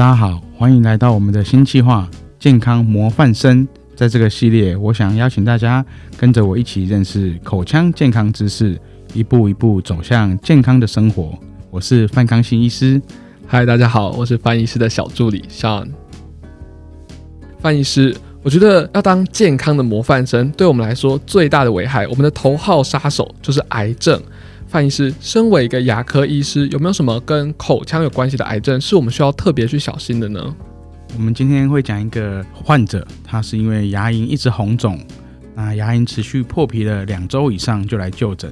大家好，歡迎來到我們的新計劃——健康模範生。在這個系列，我想邀請大家跟着我一起認識口腔健康知識，一步一步走向健康的生活。我是范康新醫師。嗨，大家好，我是范醫師的小助理 Sean。范醫師，我覺得要當健康的模範生，對我們來說最大的危害，我們的頭號殺手就是癌症。范醫師，身為一個牙科醫師，有沒有什麼跟口腔有關係的癌症是我們需要特別去小心的呢？我們今天會講一個患者，他是因為牙齦一直紅腫，那牙齦持續破皮了兩週以上就來就診。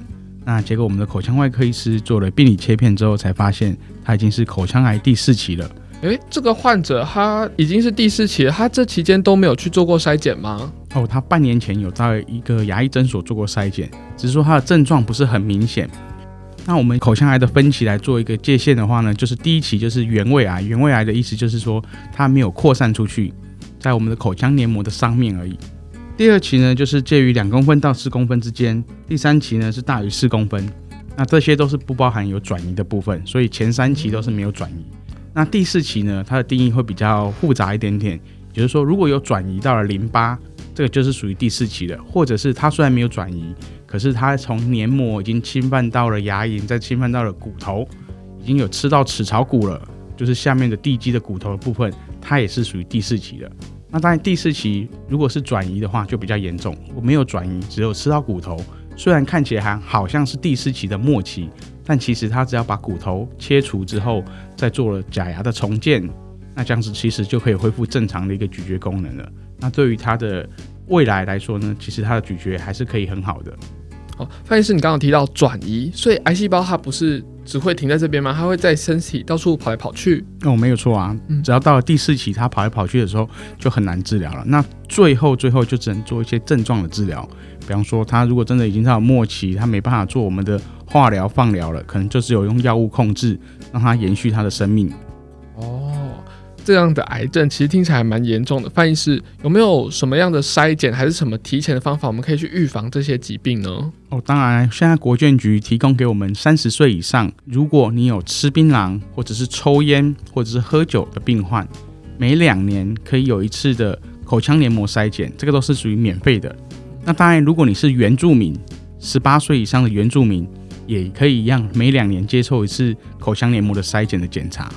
那結果我們的口腔外科醫師做了病理切片之後，才發現他已經是口腔癌第四期了。欸，這個患者他已經是第四期了，他這期間都沒有去做過篩檢嗎？哦，他半年前有在一個牙醫診所做過篩檢，只是說他的症狀不是很明顯。那我們口腔癌的分期來做一個界限的話呢，就是第一期就是原位癌。原位癌的意思就是說它沒有擴散出去，在我們的口腔黏膜的上面而已。第二期呢，就是介於兩公分到四公分之間。第三期呢是大於四公分，那這些都是不包含有轉移的部分，所以前三期都是沒有轉移。那第四期呢，它的定義會比較複雜一點點，就是說如果有轉移到了淋巴，這個就是屬於第四期的，或者是它雖然沒有轉移。可是它從黏膜已經侵犯到了牙齦，再侵犯到了骨頭，已經有吃到齒槽骨了，就是下面的地基的骨頭的部分，它也是屬於第四期的。那當然第四期如果是轉移的話就比較嚴重，我沒有轉移，只有吃到骨頭，雖然看起來還好像是第四期的末期，但其實它只要把骨頭切除之後，再做了假牙的重建，那這樣子其實就可以恢復正常的一個咀嚼功能了。那對於它的未來來說呢，其實它的咀嚼還是可以很好的。哦，范醫師，你剛剛提到轉移，所以癌細胞它不是只會停在這邊嗎？它會在身體到處跑來跑去。哦，沒有錯啊，嗯，只要到了第四期，它跑來跑去的時候就很難治療了。那最後最後就只能做一些症狀的治療，比方說，它如果真的已經到了末期，它沒辦法做我們的化療、放療了，可能就只有用藥物控制，讓它延續它的生命。這樣的癌症其實聽起來蠻嚴重的。范醫師，有沒有什麼樣的篩檢，還是什麼提前的方法，我們可以去預防這些疾病呢？哦，當然，現在國健局提供給我們三十歲以上，如果你有吃檳榔或者是抽菸或者是喝酒的病患，每兩年可以有一次的口腔黏膜篩檢，這個都是屬於免費的。那當然，如果你是原住民，十八歲以上的原住民也可以一樣，每兩年接受一次口腔黏膜的篩檢的檢查。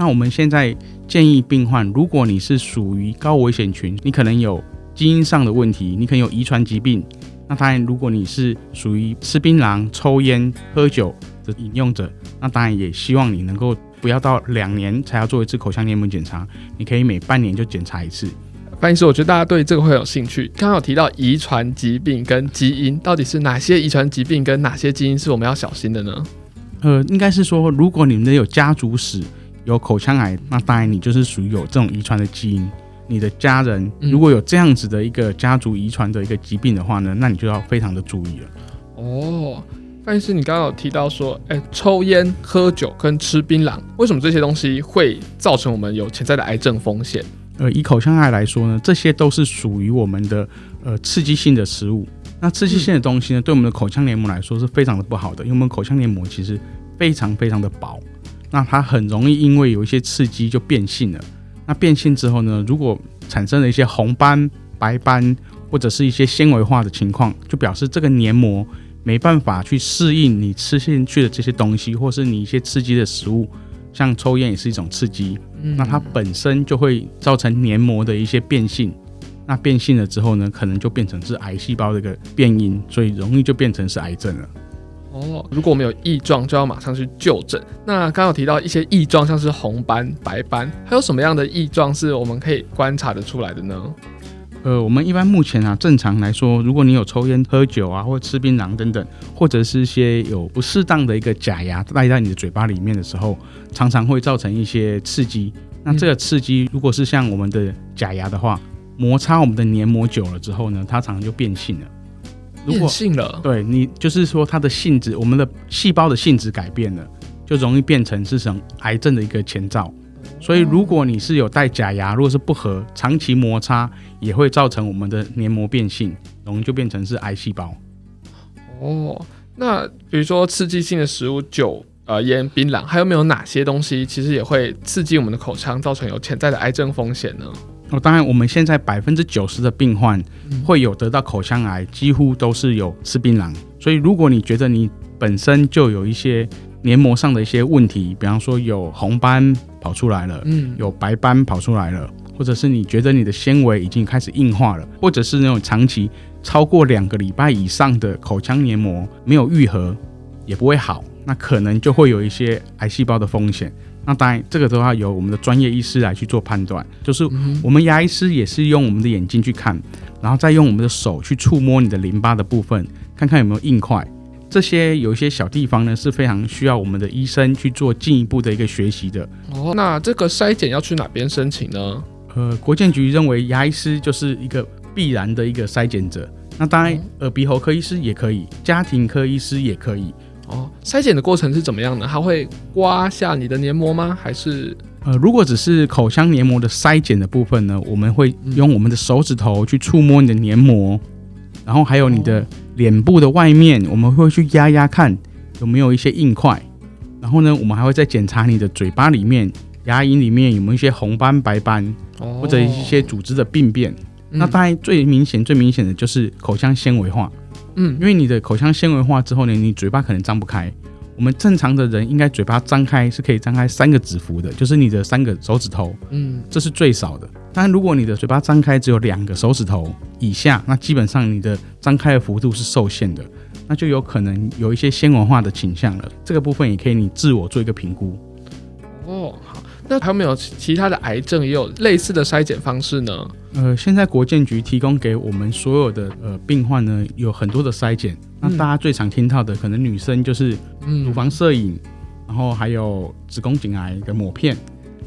那我們現在建議病患，如果你是屬於高危險群，你可能有基因上的問題，你可能有遺傳疾病。那當然，如果你是屬於吃檳榔、抽煙、喝酒的飲用者，那當然也希望你能夠不要到兩年才要做一次口腔黏膜檢查，你可以每半年就檢查一次。范醫師，我覺得大家對這個會有興趣。剛剛有提到遺傳疾病跟基因，到底是哪些遺傳疾病跟哪些基因是我們要小心的呢？呃，應該是說，如果你們有家族史。有口腔癌，那當然你就是屬於有這種遺傳的基因。你的家人如果有這樣子的一個家族遺傳的一個疾病的話呢，嗯、那你就要非常的注意了。哦，但是你剛剛有提到說，哎、欸，抽菸、喝酒跟吃檳榔，為什麼這些東西會造成我們有潛在的癌症風險？呃，以口腔癌來說呢，這些都是屬於我們的呃刺激性的食物。那刺激性的東西呢，嗯、對我們的口腔黏膜來說是非常的不好的，因為我們的口腔黏膜其實非常非常的薄。那它很容易因為有一些刺激就變性了。那變性之後呢，如果產生了一些紅斑、白斑或者是一些纖維化的情況，就表示這個黏膜沒辦法去適應你吃進去的這些東西，或是你一些刺激的食物，像抽菸也是一種刺激。嗯、那它本身就會造成黏膜的一些變性。那變性了之後呢，可能就變成是癌細胞的一個變因，所以容易就變成是癌症了。哦，如果我們有異狀，就要馬上去就診。那剛剛有提到一些異狀，像是紅斑、白斑，還有什麼樣的異狀是我們可以觀察得出來的呢？呃，我們一般目前啊，正常來說，如果你有抽菸、喝酒啊，或吃檳榔等等，或者是一些有不適當的一個假牙戴在你的嘴巴裡面的時候，常常會造成一些刺激。那這個刺激如果是像我們的假牙的話，摩擦我們的黏膜久了之後呢，它常常就變性了。如果變性了，對，你就是說它的性質，我們的細胞的性質改變了，就容易變成是什麼癌症的一個前兆。所以如果你是有帶假牙，如果是不合，長期摩擦也會造成我們的黏膜變性，容易就變成是癌細胞。哦，那比如說刺激性的食物、酒、呃、菸、檳榔，還有沒有哪些東西其實也會刺激我們的口腔，造成有潛在的癌症風險呢？哦，當然，我們現在百分之九十的病患會有得到口腔癌，嗯，幾乎都是有吃檳榔。所以，如果你覺得你本身就有一些黏膜上的一些問題，比方說有紅斑跑出來了，嗯，有白斑跑出來了，或者是你覺得你的纖維已經開始硬化了，或者是那種長期超過兩個禮拜以上的口腔黏膜沒有癒合，也不會好，那可能就會有一些癌細胞的風險。那當然，這個都要由我們的專業醫師來去做判斷。就是我們牙醫師也是用我們的眼睛去看，然後再用我們的手去觸摸你的淋巴的部分，看看有沒有硬塊。這些有一些小地方呢，是非常需要我們的醫生去做進一步的一個學習的。哦，那這個篩檢要去哪邊申請呢？呃，國健局認為牙醫師就是一個必然的一個篩檢者。那當然，耳鼻喉科醫師也可以，家庭科醫師也可以。哦，篩檢的過程是怎麼樣的？它會刮下你的黏膜嗎？還是呃，如果只是口腔黏膜的篩檢的部分呢？我們會用我們的手指頭去觸摸你的黏膜，嗯、然後還有你的臉部的外面，哦、我們會去壓壓看有沒有一些硬塊。然後呢，我們還會再檢查你的嘴巴裡面、牙齦裡面有沒有一些紅斑、白斑、哦、或者一些組織的病變。嗯、那大概最明顯、最明顯的就是口腔纖維化。嗯，因為你的口腔纖維化之後呢，你嘴巴可能張不開。我們正常的人應該嘴巴張開是可以張開三個指幅的，就是你的三個手指頭，嗯，這是最少的。但如果你的嘴巴張開只有兩個手指頭以下，那基本上你的張開的幅度是受限的，那就有可能有一些纖維化的傾向了。這個部分也可以你自我做一個評估。那還有沒有其他的癌症也有類似的篩檢方式呢？呃，現在國健局提供給我們所有的呃病患呢，有很多的篩檢。嗯、那大家最常聽到的，可能女生就是乳房攝影，嗯、然後還有子宮頸癌的抹片。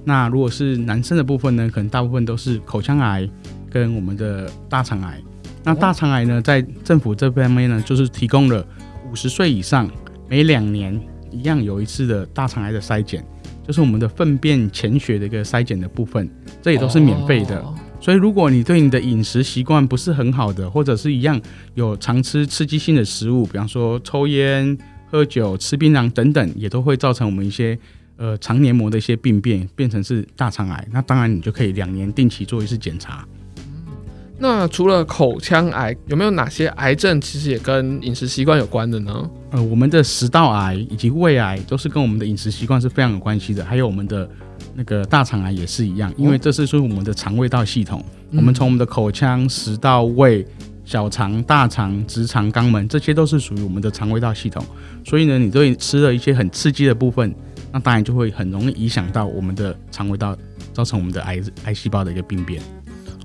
那如果是男生的部分呢，可能大部分都是口腔癌跟我們的大腸癌。那大腸癌呢，哦、在政府這邊面呢，就是提供了五十歲以上每兩年一樣有一次的大腸癌的篩檢。就是我們的糞便潛血的一個篩檢的部分，這也都是免費的。Oh. 所以，如果你對你的飲食習慣不是很好的，或者是一樣有常吃刺激性的食物，比方說抽煙、喝酒、吃檳榔等等，也都會造成我們一些呃腸黏膜的一些病變，變成是大腸癌。那當然，你就可以兩年定期做一次檢查。那除了口腔癌，有沒有哪些癌症其實也跟飲食習慣有關的呢？呃，我們的食道癌以及胃癌都是跟我們的飲食習慣是非常有關係的，還有我們的那個大腸癌也是一樣，因為這是屬於我們的腸胃道系統。嗯、我們從我們的口腔、食道、胃、小腸、大腸、直腸、肛門，這些都是屬於我們的腸胃道系統。所以呢，你對吃了一些很刺激的部分，那當然就會很容易影響到我們的腸胃道，造成我們的癌癌細胞的一個病變。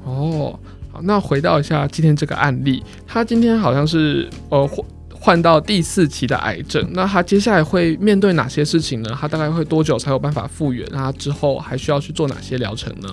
哦。好，那回到一下今天這個案例，他今天好像是呃患到第四期的癌症，那他接下來會面對哪些事情呢？他大概會多久才有辦法復原，那他之後還需要去做哪些療程呢？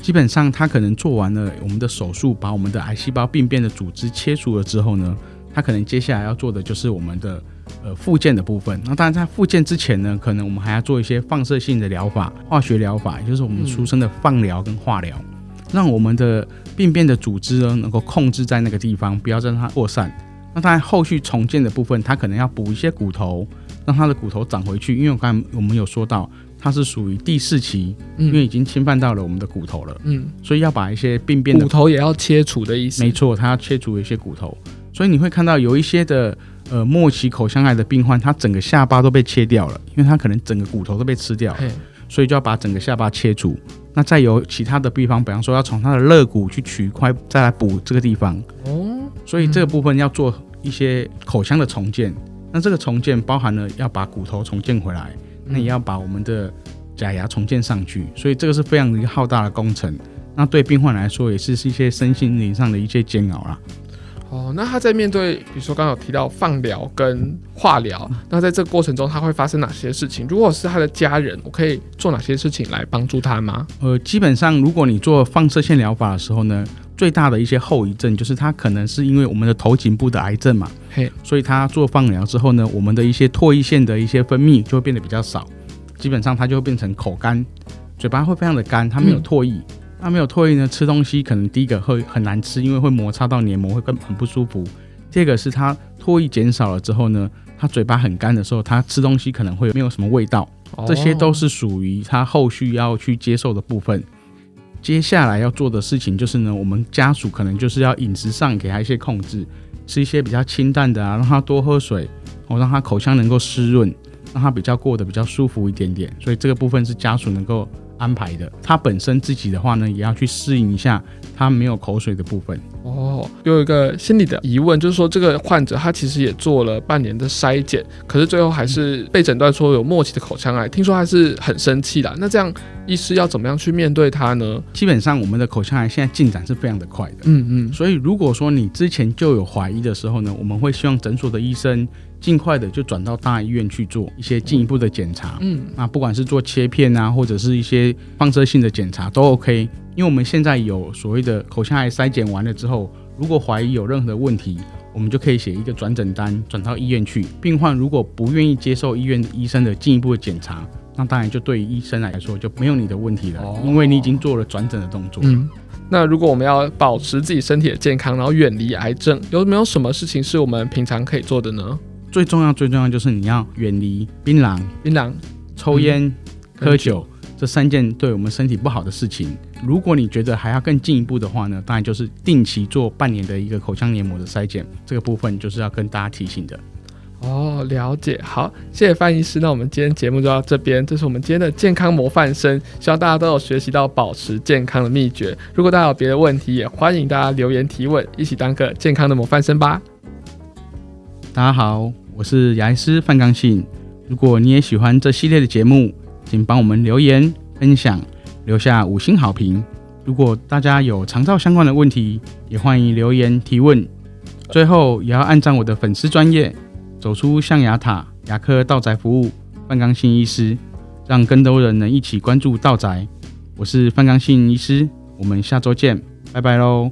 基本上他可能做完了我們的手術，把我們的癌細胞病變的組織切除了之後呢，他可能接下來要做的就是我們的呃復健的部分。那當然在復健之前呢，可能我們還要做一些放射性的療法、化學療法，也就是我們俗稱的放療跟化療。嗯讓我們的病變的組織呢，能夠控制在那個地方，不要讓它擴散。那它在後續重建的部分，它可能要補一些骨頭，讓它的骨頭長回去。因為我剛才我們有說到，它是屬於第四期，嗯，因為已經侵犯到了我們的骨頭了。嗯，所以要把一些病變的骨頭也要切除的意思。沒錯，它要切除一些骨頭。所以你會看到有一些的呃，末期口腔癌的病患，他整個下巴都被切掉了，因為他可能整個骨頭都被吃掉，嘿所以就要把整個下巴切除。那再由其他的地方，比方說要從它的肋骨去取一塊，再來補這個地方。哦，所以這個部分要做一些口腔的重建。那這個重建包含了要把骨頭重建回來，那也要把我們的假牙重建上去。所以這個是非常一個浩大的工程。那對病患來說，也是是一些身心靈上的一些煎熬啦。哦，那他在面對，比如說剛剛有提到放療跟化療，那在這個過程中他會發生哪些事情？如果是他的家人，我可以做哪些事情來幫助他嗎？呃，基本上如果你做放射線療法的時候呢，最大的一些後遺症就是他可能是因為我們的頭頸部的癌症嘛，嘿，所以他做放療之後呢，我們的一些唾液腺的一些分泌就會變得比較少，基本上他就會變成口乾，嘴巴會非常的乾，他沒有唾液。嗯他沒有唾液呢，吃東西可能第一個會很難吃，因為會摩擦到黏膜，會更很不舒服。第二個是他唾液減少了之後呢，他嘴巴很乾的時候，他吃東西可能會沒有什麼味道。哦、這些都是屬於他後續要去接受的部分。接下來要做的事情就是呢，我們家屬可能就是要飲食上給他一些控制，吃一些比較清淡的啊，讓他多喝水，我讓他口腔能夠濕潤，讓他比較過得比較舒服一點點。所以這個部分是家屬能夠安排的，他本身自己的話呢，也要去適應一下他沒有口水的部分哦。有一個心理的疑問，就是說這個患者他其實也做了半年的篩檢，可是最後還是被診斷說有末期的口腔癌。聽說他還是很生氣的，那這樣醫師要怎麼樣去面對他呢？基本上我們的口腔癌現在進展是非常的快的，嗯嗯。所以如果說你之前就有懷疑的時候呢，我們會希望診所的醫生儘快的就轉到大醫院去做一些進一步的檢查。嗯，啊，不管是做切片啊，或者是一些放射性的檢查都 OK。因為我們現在有所謂的口腔癌篩檢完了之後，如果懷疑有任何的問題，我們就可以寫一個轉診單，轉到醫院去。病患如果不願意接受醫院醫生的進一步的檢查，那當然就對於醫生來說就沒有你的問題了，哦，因為你已經做了轉診的動作。嗯，那如果我們要保持自己身體的健康，然後遠離癌症，有沒有什麼事情是我們平常可以做的呢？最重要，最重要就是你要遠離檳榔、檳榔、抽菸、嗯、喝酒、嗯、這三件對我們身體不好的事情。如果你覺得還要更進一步的話呢，當然就是定期做半年的一個口腔黏膜的篩檢，這個部分就是要跟大家提醒的。哦，了解。好，謝謝范醫師。那我們今天節目就到這邊。這是我們今天的健康模範生，希望大家都有學習到保持健康的秘訣。如果大家有別的問題，也歡迎大家留言提問，一起當個健康的模範生吧。大家好。我是牙醫師范綱信。如果你也喜歡這系列的節目，請幫我們留言分享，留下五星好評。如果大家有長照相關的問題，也歡迎留言提問。最後，也要按讚我的粉絲專頁，走出象牙塔，牙科到宅服務，范綱信醫師，讓更多人能一起關注到宅。我是范綱信醫師，我們下周見，拜拜嘍。